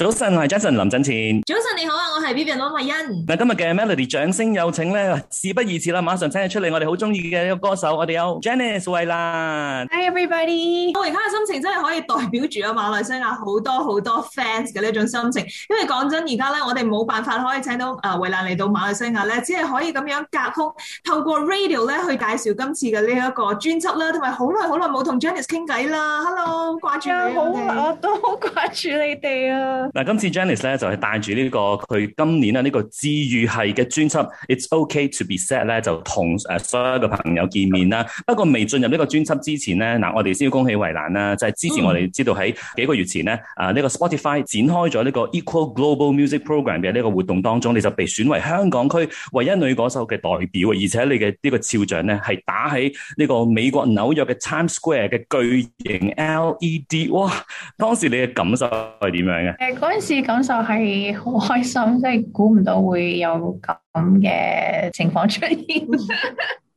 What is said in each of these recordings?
早晨，我係 Jason 林振前。早晨你好啊，我係 Vivian 羅慧欣。嗱，今日嘅 Melody 掌聲有請咧，事不宜遲啦，馬上請你出嚟，我哋好中意嘅一個歌手，我哋有 Janice 衛蘭。Hi everybody，我而家嘅心情真係可以代表住啊馬來西亞好多好多 fans 嘅呢種心情，因為講真，而家咧我哋冇辦法可以請到誒衛蘭嚟到馬來西亞咧，只係可以咁樣隔空透過 radio 咧去介紹今次嘅呢一個專輯啦，同埋好耐好耐冇同 Janice 傾偈啦。Hello，掛住你好，我都好掛住你哋啊。嗯們嗱，今次 Janice 咧就係帶住呢個佢今年啊呢、這個治愈系嘅專輯《It's OK to Be Sad》咧，就同誒、呃、所有嘅朋友見面啦。不過未進入呢個專輯之前咧，嗱我哋先要恭喜衛蘭啦，就係、是、之前我哋知道喺幾個月前咧，啊呢、這個 Spotify 展開咗呢個 Equal Global Music Program 嘅呢個活動當中，你就被選為香港區唯一女歌手嘅代表，而且你嘅呢個肖像咧係打喺呢個美國紐約嘅 Times Square 嘅巨型 LED，哇！當時你嘅感受係點樣嘅？嗰陣時感受係好開心，即係估唔到會有咁嘅情況出現。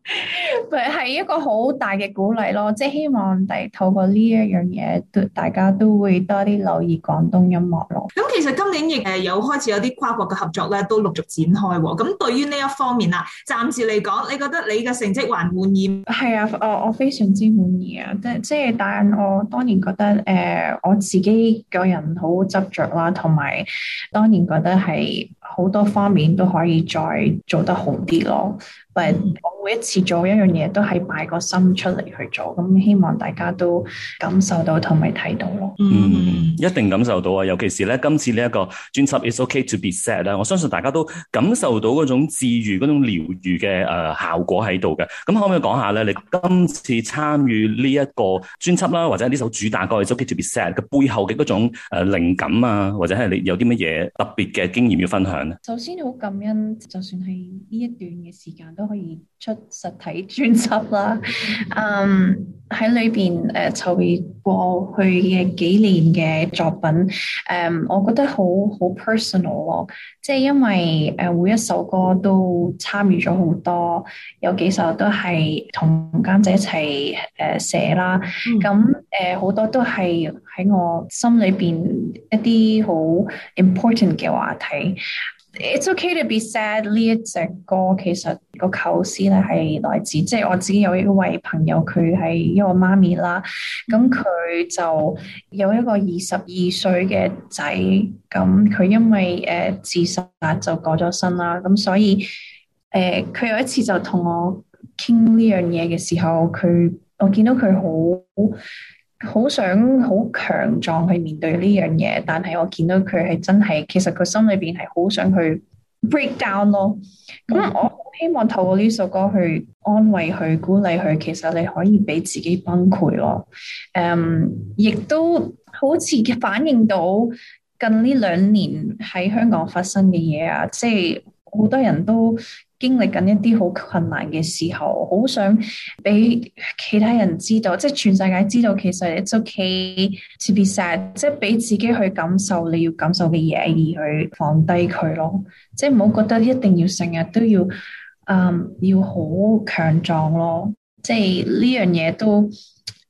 咪係一個好大嘅鼓勵咯，即係希望第透過呢一樣嘢，都大家都會多啲留意廣東音樂咯。咁其實今年亦誒有開始有啲跨國嘅合作咧，都陸續展開喎。咁對於呢一方面啊，暫時嚟講，你覺得你嘅成績還滿意？係啊，我我非常之滿意啊。即即係，但我當然覺得誒、呃，我自己個人好執着啦，同埋當然覺得係。好多方面都可以再做得好啲咯，但我每一次做一樣嘢都係擺個心出嚟去做，咁希望大家都感受到同埋睇到咯。嗯，一定感受到啊！尤其是咧，今次呢一個專輯《It's OK to Be Sad》啦，我相信大家都感受到種治愈種療愈嘅誒效果喺度嘅。咁可唔可以講下咧？你今次參與呢一個專輯啦，或者呢首主打歌《It's OK to Be Sad》嘅背後嘅種誒靈感啊，或者係你有啲乜嘢特別嘅經驗要分享？首先好感恩，就算係呢一段嘅時間都可以出實體專輯啦。嗯、um，喺裏邊誒，籌備過去嘅幾年嘅作品，誒、um，我覺得好好 personal 咯，即係、哦就是、因為誒、呃，每一首歌都參與咗好多，有幾首都係同監製一齊誒寫啦，咁、嗯。誒好多都係喺我心裏邊一啲好 important 嘅話題。It's okay to be sad 呢一隻歌其實個構思咧係來自，即係我自己有一位朋友，佢係一個媽咪啦。咁佢就有一個二十二歲嘅仔，咁佢因為誒自殺就過咗身啦。咁所以誒佢有一次就同我傾呢樣嘢嘅時候，佢我見到佢好。好想好強壯去面對呢樣嘢，但係我見到佢係真係，其實佢心裏邊係好想去 break down 咯。咁我好希望透過呢首歌去安慰佢，鼓勵佢。其實你可以俾自己崩潰咯。誒，亦都好似反映到近呢兩年喺香港發生嘅嘢啊，即係好多人都。經歷緊一啲好困難嘅時候，好想俾其他人知道，即係全世界知道，其實 it's okay to be sad。即係俾自己去感受你要感受嘅嘢，而去放低佢咯。即係唔好覺得一定要成日都要，嗯，要好強壯咯。即係呢樣嘢都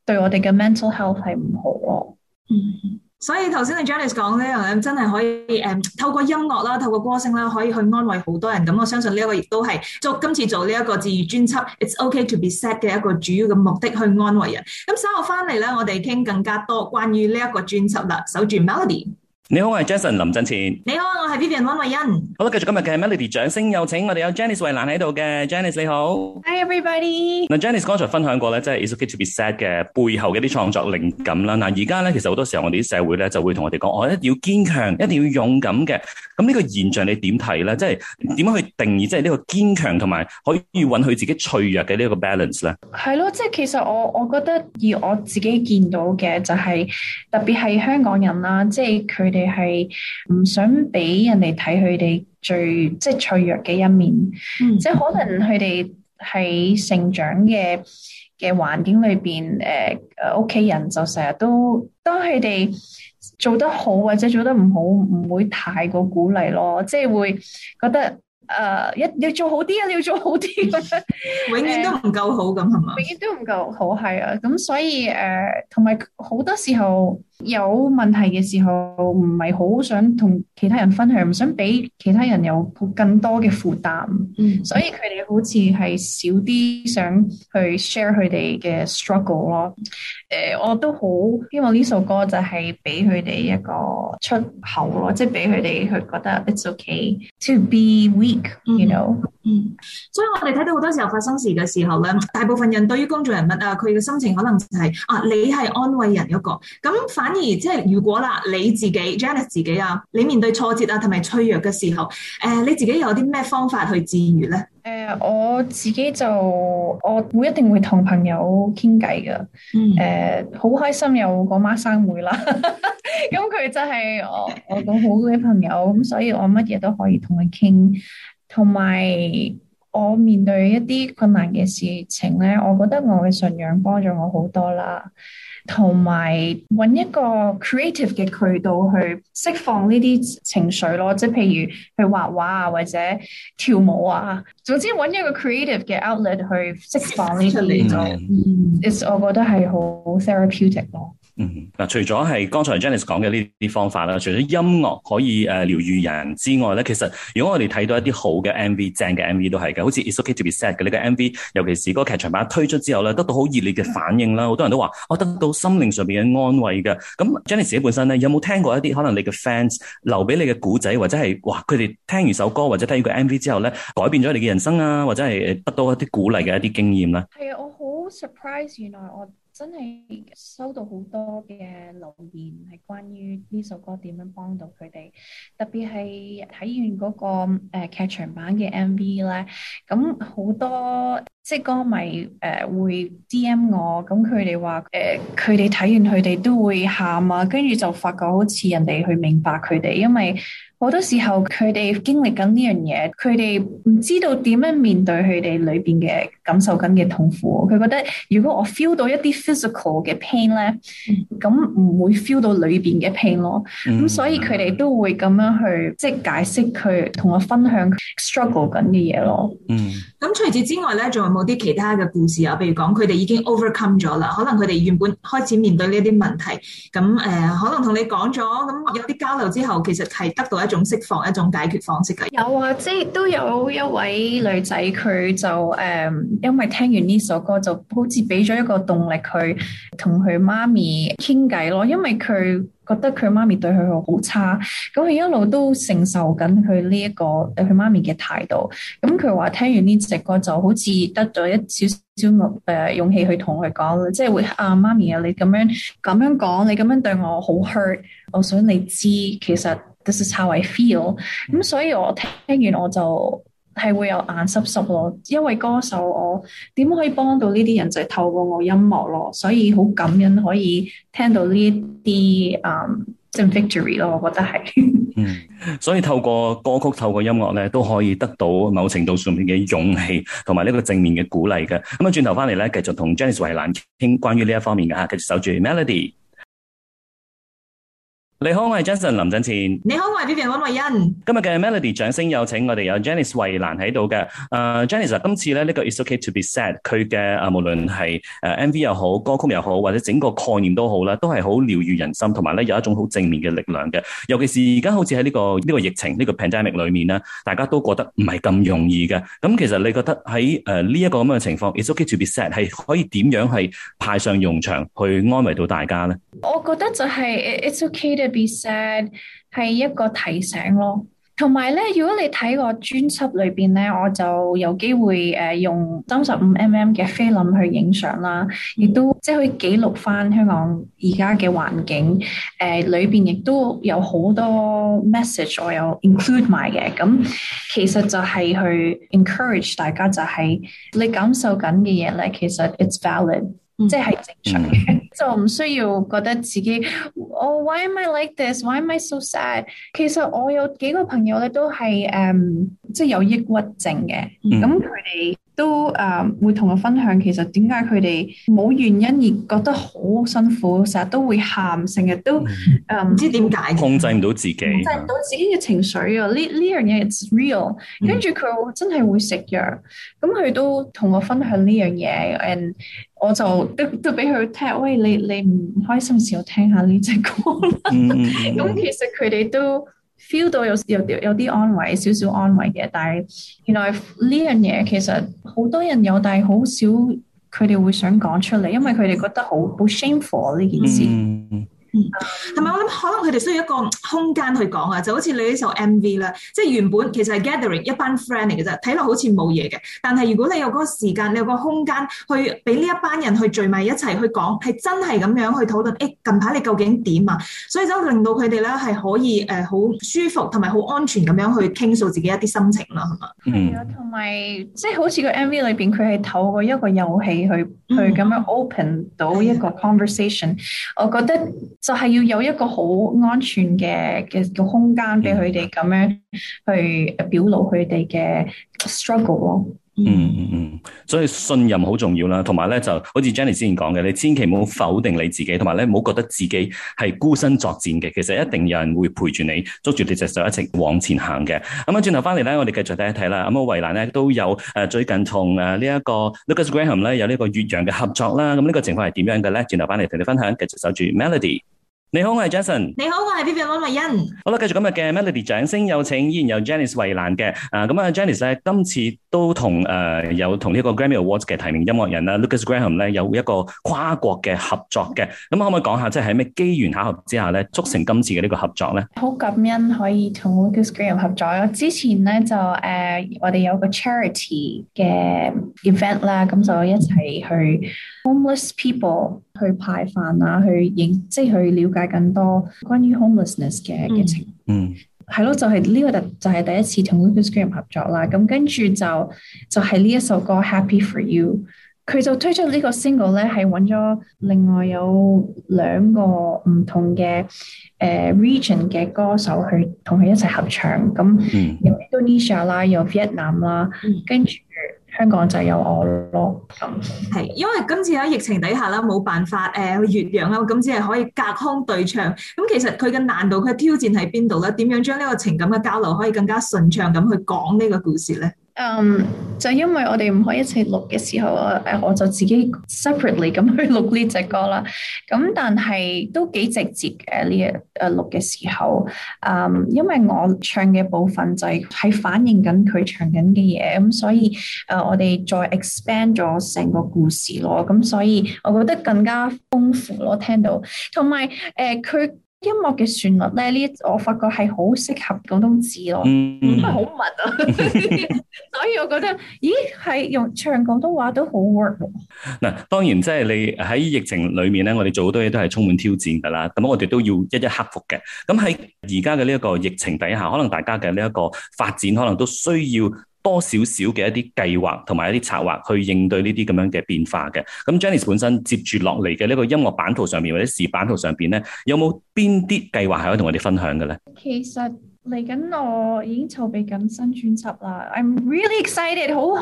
對我哋嘅 mental health 係唔好咯。嗯。所以頭先你 Janice 講呢樣嘢，真係可以誒、um，透過音樂啦，透過歌聲啦，可以去安慰好多人。咁我相信呢一個亦都係做今次做呢一個自愈專輯《It's OK to Be Sad》嘅一個主要嘅目的去安慰人。咁稍後翻嚟咧，我哋傾更加多關於呢一個專輯啦，守住 Melody。你好，我係 Jason 林振前。你好，我係 Vivian 温慧欣。好啦，繼續今日嘅 Melody 掌聲，有請我哋有 Janice 衛蘭喺度嘅 Janice 你好。Hi everybody。嗱，Janice 剛才分享過咧，即係 It's okay to be sad 嘅背後嘅一啲創作靈感啦。嗱，而家咧，其實好多時候我哋啲社會咧就會同我哋講，我、哦、一定要堅強，一定要勇敢嘅。咁呢個現象你點睇咧？即係點樣去定義？即係呢個堅強同埋可以允許自己脆弱嘅呢個 balance 咧？係咯，即係其實我我覺得，以我自己見到嘅就係，特別係香港人啦，即係佢。哋係唔想俾人哋睇佢哋最即係、就是、脆弱嘅一面，嗯、即係可能佢哋喺成長嘅嘅環境裏邊，誒、呃，屋企人就成日都當佢哋做得好或者做得唔好，唔會太過鼓勵咯，即係會覺得誒，一、呃、要做好啲啊，你要做好啲， 永遠都唔夠好咁係嘛， 嗯、永遠都唔夠好係啊，咁所以誒，同埋好多時候。有問題嘅時候，唔係好想同其他人分享，唔想俾其他人有更多嘅負擔，嗯、所以佢哋好似係少啲想去 share 佢哋嘅 struggle 咯。誒、嗯，uh，我都好，希望呢首歌就係俾佢哋一個出口咯，即係俾佢哋去覺得 it's okay to be weak，you know、嗯。嗯，所以我哋睇到好多時候發生事嘅時候咧，大部分人對於公眾人物啊，佢嘅心情可能就係、是、啊，你係安慰人嗰個。咁反而即、就、係、是、如果啦，你自己 Janice 自己啊，你面對挫折啊同埋脆弱嘅時候，誒、啊，你自己有啲咩方法去治愈咧？誒、呃，我自己就我會一定會同朋友傾偈㗎。誒、嗯，好、呃、開心有個孖生妹啦，咁佢真係我我個好嘅朋友，咁所以我乜嘢都可以同佢傾。同埋我面對一啲困難嘅事情咧，我覺得我嘅信仰幫咗我好多啦。同埋揾一個 creative 嘅渠道去釋放呢啲情緒咯，即係譬如去畫畫啊，或者跳舞啊，總之揾一個 creative 嘅 outlet 去釋放出嚟就， 嗯， 我覺得係好 therapeutic 咯。嗯，嗱，除咗係剛才 Janice 講嘅呢啲方法啦，除咗音樂可以誒療愈人之外咧，其實如果我哋睇到一啲好嘅 MV、正嘅 MV 都係嘅，好似《It’s OK to Be Sad》嘅呢個 MV，尤其是嗰個劇場版推出之後咧，得到好熱烈嘅反應啦，好多人都話我、哦、得到心靈上邊嘅安慰嘅。咁 Janice 自己本身咧，有冇聽過一啲可能你嘅 fans 留俾你嘅古仔，或者係哇，佢哋聽完首歌或者睇完個 MV 之後咧，改變咗你嘅人生啊，或者係得到一啲鼓勵嘅一啲經驗咧？係啊，我好 surprise，原來我。真係收到好多嘅留言，係關於呢首歌點樣幫到佢哋。特別係睇完嗰個誒、呃、劇場版嘅 MV 咧，咁、嗯、好多即係歌迷誒、呃、會 DM 我，咁佢哋話誒佢哋睇完佢哋都會喊啊，跟住就發覺好似人哋去明白佢哋，因為，好多時候佢哋經歷緊呢樣嘢，佢哋唔知道點樣面對佢哋裏邊嘅感受緊嘅痛苦。佢覺得如果我 feel 到一啲 physical 嘅 pain 咧，咁唔、嗯、會 feel 到裏邊嘅 pain 咯。咁、嗯、所以佢哋都會咁樣去即係解釋佢同我分享 struggle 緊嘅嘢咯。嗯。咁除此之外咧，仲有冇啲其他嘅故事啊？譬如講佢哋已經 overcome 咗啦，可能佢哋原本開始面對呢啲問題，咁誒、呃、可能同你講咗，咁有啲交流之後，其實係得到一種。一種釋放，一種解決方式嘅，有啊，即係都有一位女仔，佢就誒、嗯，因為聽完呢首歌，就好似俾咗一個動力，佢同佢媽咪傾偈咯。因為佢覺得佢媽咪對佢好差，咁佢一路都承受緊佢呢一個誒，佢媽咪嘅態度。咁佢話聽完呢隻歌，就好似得咗一少少勇誒勇氣去同佢講，即係會啊媽咪啊，你咁樣咁樣講，你咁樣對我好 hurt，我想你知其實。This is how I feel。咁所以我聽完我就係會有眼濕濕咯，因為歌手我點可以幫到呢啲人就係、是、透過我音樂咯，所以好感恩可以聽到呢啲誒，即係 Victory 咯，我覺得係。嗯，所以透過歌曲、透過音樂咧，都可以得到某程度上面嘅勇氣同埋呢個正面嘅鼓勵嘅。咁啊，轉頭翻嚟咧，繼續同 Janice 衛蘭傾關於呢一方面嘅吓，繼續守住 Melody。你好，我係 Jenson 林振前。你好，我係 Vivian 溫慧欣。今日嘅 Melody 掌聲有請我有，我哋、uh, 有 Janice 衛蘭喺度嘅。誒 Janice 今次咧呢、這個 It's Okay to Be Sad，佢嘅誒無論係誒 MV 又好，歌曲又好，或者整個概念都好啦，都係好療愈人心，同埋咧有一種好正面嘅力量嘅。尤其是而家好似喺呢個呢、這個疫情呢、這個 pandemic 裏面咧，大家都覺得唔係咁容易嘅。咁其實你覺得喺誒呢一個咁嘅情況，It's Okay to Be Sad 係可以點樣係派上用場，去安慰到大家咧？我覺得就係 It's Okay be sad 係一個提醒咯，同埋咧，如果你睇個專輯裏邊咧，我就有機會誒、呃、用三十五 mm 嘅菲林去影相啦，亦都即係可以記錄翻香港而家嘅環境。誒裏邊亦都有好多 message，我有 include 埋嘅。咁其實就係去 encourage 大家，就係你感受緊嘅嘢咧，其實 it's valid。即係正常嘅，mm hmm. 就唔需要覺得自己，我、oh, Why am I like this? Why am I so sad？其實我有幾個朋友咧都係即係有抑鬱症嘅，咁佢哋。Hmm. 都誒、um, 會同我分享，其實點解佢哋冇原因而覺得好辛苦，成日都會喊，成日都誒唔、um, 知點解控制唔到自己，控制唔到自己嘅情緒啊！呢呢樣嘢 it's real，跟住佢真係會食藥，咁佢都同我分享呢樣嘢 and 我就都都俾佢聽，喂你你唔開心時，我聽下呢隻歌啦。咁、嗯、 其實佢哋都，feel 到有有啲有啲安慰，少少安慰嘅。但係，原來呢樣嘢其實好多人有，但係好少佢哋會想講出嚟，因為佢哋覺得好好 shameful 呢件事。嗯嗯，同埋、mm hmm. 我諗可能佢哋需要一個空間去講啊？就好似你呢首 M.V. 啦，即係原本其實係 gathering 一班 friend 嚟嘅啫，睇落好似冇嘢嘅。但係如果你有嗰個時間，你有個空間去俾呢一班人去聚埋一齊去講，係真係咁樣去討論。誒、欸，近排你究竟點啊？所以就令到佢哋咧係可以誒好、呃、舒服同埋好安全咁樣去傾訴自己一啲心情啦，係嘛？係啊、mm，同埋即係好似個 M.V. 裏邊佢係透過一個遊戲去去咁樣 open 到一個 conversation，mm hmm. 我覺得。就係要有一個好安全嘅空間俾佢哋咁樣去表露佢哋嘅 struggle。Mm hmm. 嗯嗯嗯，所以信任好重要啦，同埋咧就好似 Jenny 之前講嘅，你千祈唔好否定你自己，同埋咧唔好覺得自己係孤身作戰嘅，其實一定有人會陪住你，捉住你隻手一齊往前行嘅。咁、嗯、啊，轉頭翻嚟咧，我哋繼續睇一睇啦。咁、嗯、啊，衛蘭咧都有誒、啊，最近同誒呢一個 Lucas Graham 咧有呢個越洋嘅合作啦。咁、嗯、呢、這個情況係點樣嘅咧？轉頭翻嚟同你分享，繼續守住 Melody。你好，我係 Jason。你好，我係 B B 安慧欣。好啦，繼續今日嘅 Melody 掌聲有請，依然有 Janice 衛蘭嘅。啊、uh,，咁啊 Janice 咧今次都同誒、呃、有同呢一個 Grammy Awards 嘅提名音樂人啦，Lucas Graham 咧有一個跨國嘅合作嘅。咁可唔可以講下，即係喺咩機緣巧合之下咧，促成今次嘅呢個合作咧？好感恩可以同 Lucas Graham 合作。我之前咧就誒、呃，我哋有個 charity 嘅 event 啦，咁就一齊去 homeless people。去派飯啊，去影，即係去了解更多關於 homelessness 嘅嘅情況。嗯，係咯，就係呢個特，就係第一次同 Lukas Graham 合作啦。咁跟住就就係呢一首歌 Happy for You，佢就推出呢個 single 咧，係揾咗另外有兩個唔同嘅誒 region 嘅歌手去同佢一齊合唱。咁有 Indonesia 啦，有越南啦，跟住。香港就有我咯咁。係，因為今次喺疫情底下啦，冇辦法誒去越洋啦，咁只係可以隔空對唱。咁其實佢嘅難度，佢嘅挑戰喺邊度咧？點樣將呢個情感嘅交流可以更加順暢咁去講呢個故事咧？嗯，um, 就因為我哋唔可以一齊錄嘅時候，我誒我就自己 separately 咁去錄呢隻歌啦。咁但係都幾直接嘅呢，誒錄嘅時候，嗯，um，因為我唱嘅部分就係喺反映緊佢唱緊嘅嘢，咁所以誒我哋再 expand 咗成個故事咯。咁所以我覺得更加豐富咯，聽到同埋誒佢。音樂嘅旋律咧，呢我發覺係好適合廣東字咯，唔係好密啊， 所以我覺得，咦，係用唱廣東話都好 work。嗱，當然即係你喺疫情裡面咧，我哋做好多嘢都係充滿挑戰噶啦，咁我哋都要一一克服嘅。咁喺而家嘅呢一個疫情底下，可能大家嘅呢一個發展，可能都需要多少少嘅一啲計劃同埋一啲策劃去應對呢啲咁樣嘅變化嘅。咁 Janice 本身接住落嚟嘅呢個音樂版圖上面或者視版圖上邊咧，有冇邊啲計劃係可以同我哋分享嘅咧？其實嚟緊我已經籌備緊新專輯啦，I'm really excited，好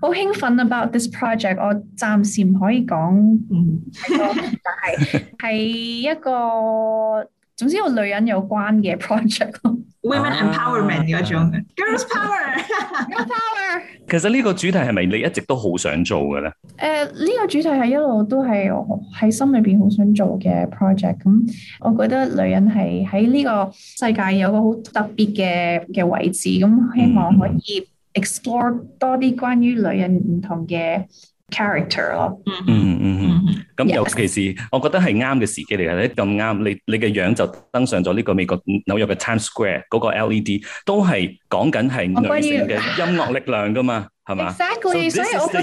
好興奮 about this project。我暫時唔可以講，嗯，係係一個總之個女人有關嘅 project women empowerment，啊、嗰種 girls power power 其實呢個主題係咪你一直都好想做嘅咧？誒，呢個主題係一路都係我喺心裏邊好想做嘅 project。咁我覺得女人係喺呢個世界有個好特別嘅嘅位置。咁希望可以 explore 多啲關於女人唔同嘅 character 咯，嗯嗯嗯嗯，咁尤其是我覺得係啱嘅時機嚟嘅。咁啱你你嘅樣就登上咗呢個美國紐約嘅 Times Square 嗰個 LED，都係講緊係女性嘅音樂力量噶嘛，係嘛？Exactly，所以我覺得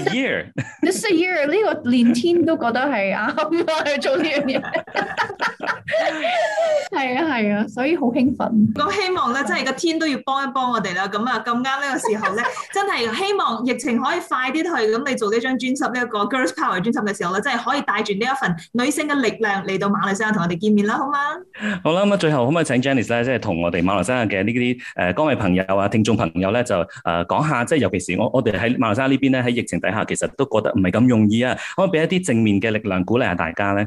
this is the year，呢個連天都覺得係啱去做呢樣嘢。係啊，係啊， 所以好興奮。咁希望咧，真係個天都要幫一幫我哋啦。咁啊，咁啱呢個時候咧， 真係希望疫情可以快啲去。咁你做呢張專輯，呢一個 Girls Power 專輯嘅時候咧，真係可以帶住呢一份女性嘅力量嚟到馬來西亞同我哋見面啦，好嘛？好啦，咁最後可唔可以請 Janice 咧，即係同我哋馬來西亞嘅呢啲誒，各位朋友啊，聽眾朋友咧，就誒講下，即係尤其是我，我哋喺馬來西亞呢邊咧，喺疫情底下，其實都覺得唔係咁容易啊。可唔可以俾一啲正面嘅力量鼓勵下大家咧？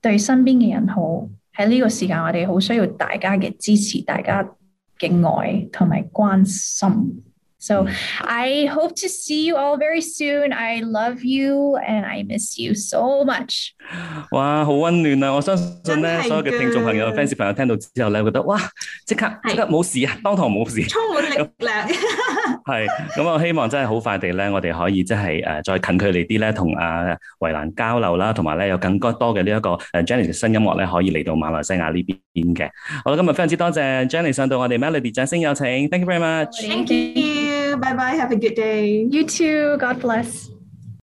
對身邊嘅人好，喺呢個時間，我哋好需要大家嘅支持，大家嘅愛同埋關心。So I hope to see you all very soon. I love you and I miss you so much. 哇，好溫暖啊！我相信咧，所有嘅聽眾朋友、fans 朋友聽到之後咧，覺得哇，即刻即刻冇事啊，當堂冇事，充滿力量。係，咁我希望真係好快地咧，我哋可以即係誒再近距離啲咧，同阿衛蘭交流啦，同埋咧有更加多嘅呢一個誒 Janice 嘅新音樂咧，可以嚟到馬來西亞呢邊嘅。好啦，今日非常之多謝 Janice 上到我哋 Melody 掌聲有請，Thank you very much，Thank you，Bye bye，Have a good day，You too，God bless。